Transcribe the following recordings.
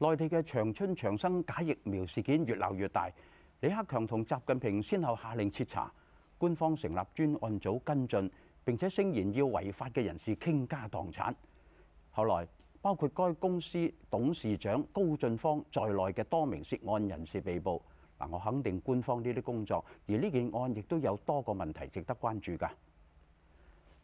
內地嘅長春長生假疫苗事件越鬧越大，李克強同習近平先後下令徹查，官方成立專案組跟進，並且聲言要違法嘅人士傾家蕩產。後來，包括該公司董事長高俊芳在內嘅多名涉案人士被捕。嗱，我肯定官方呢啲工作，而呢件案亦都有多個問題值得關注㗎。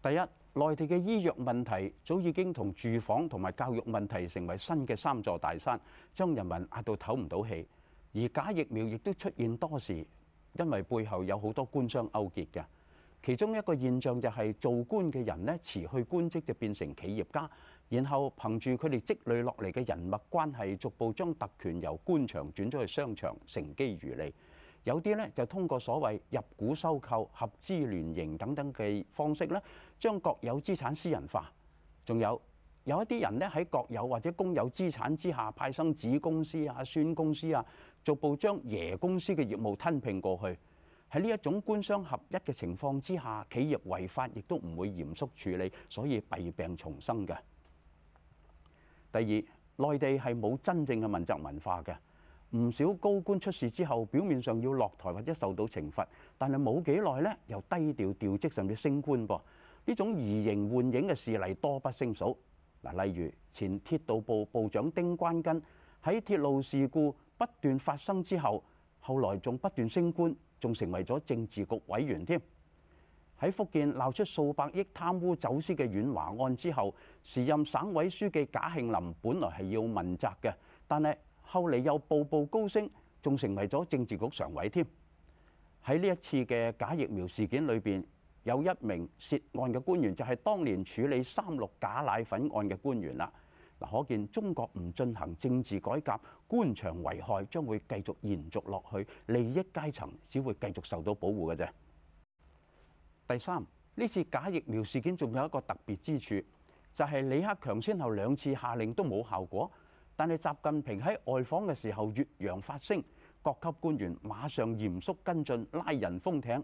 第一，內地嘅醫藥問題早已經同住房同埋教育問題成為新嘅三座大山，將人民壓到唞唔到氣，而假疫苗亦都出現多時，因為背後有好多官商勾結嘅。其中一個現象就係做官嘅人咧辭去官職就變成企業家。然後憑住佢哋積累落嚟嘅人物關係，逐步將特權由官場轉咗去商場，乘機漁利。有啲咧就通過所謂入股收購、合資聯營等等嘅方式咧，將國有資產私人化。仲有有一啲人咧喺國有或者公有資產之下派生子公司啊、孫公司啊，逐步將爺公司嘅業務吞併過去。喺呢一種官商合一嘅情況之下，企業違法亦都唔會嚴肅處理，所以弊病叢生嘅。第二，內地係冇真正嘅問責文化嘅，唔少高官出事之後，表面上要落台或者受到懲罰，但係冇幾耐咧，又低調調職，甚至升官噃。呢種移形換影嘅事例多不勝數。嗱，例如前鐵道部部長丁關根喺鐵路事故不斷發生之後，後來仲不斷升官，仲成為咗政治局委員添。喺福建鬧出數百億貪污走私嘅遠華案之後，時任省委書記賈慶林本來係要問責嘅，但係後嚟又步步高升，仲成為咗政治局常委添。喺呢一次嘅假疫苗事件裏邊，有一名涉案嘅官員就係當年處理三鹿假奶粉案嘅官員啦。嗱，可見中國唔進行政治改革，官場危害將會繼續延續落去，利益階層只會繼續受到保護嘅啫。第三，呢次假疫苗事件仲有一個特別之處，就係李克強先後兩次下令都冇效果，但係習近平喺外訪嘅時候越洋發聲，各級官員馬上嚴肅跟進拉人封艇。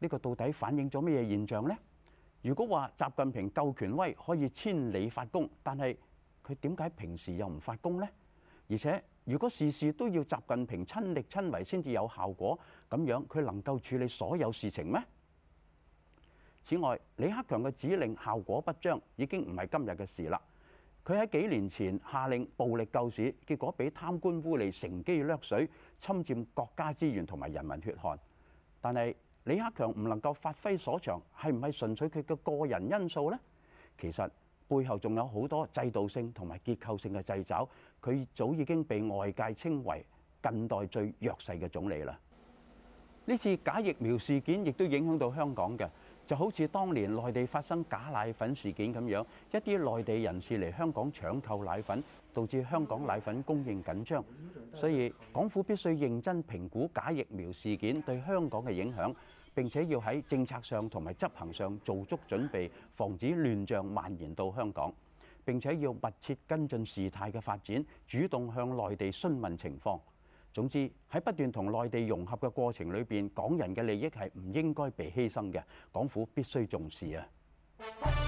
呢個到底反映咗咩嘢現象呢？如果話習近平夠權威可以千里發功，但係佢點解平時又唔發功呢？而且如果事事都要習近平親力親為先至有效果，咁樣佢能夠處理所有事情咩？此外，李克強嘅指令效果不彰，已經唔係今日嘅事啦。佢喺幾年前下令暴力救市，結果俾貪官污吏乘機掠水，侵佔國家資源同埋人民血汗。但係李克強唔能夠發揮所長，係唔係純粹佢嘅個人因素呢？其實背後仲有好多制度性同埋結構性嘅掣肘，佢早已經被外界稱為近代最弱勢嘅總理啦。呢次假疫苗事件亦都影響到香港嘅。就好似當年內地發生假奶粉事件咁樣，一啲內地人士嚟香港搶購奶粉，導致香港奶粉供應緊張，所以港府必須認真評估假疫苗事件對香港嘅影響，並且要喺政策上同埋執行上做足準備，防止亂象蔓延到香港，並且要密切跟進事態嘅發展，主動向內地詢問情況。總之喺不斷同內地融合嘅過程裏面，港人嘅利益係唔應該被犧牲嘅，港府必須重視啊！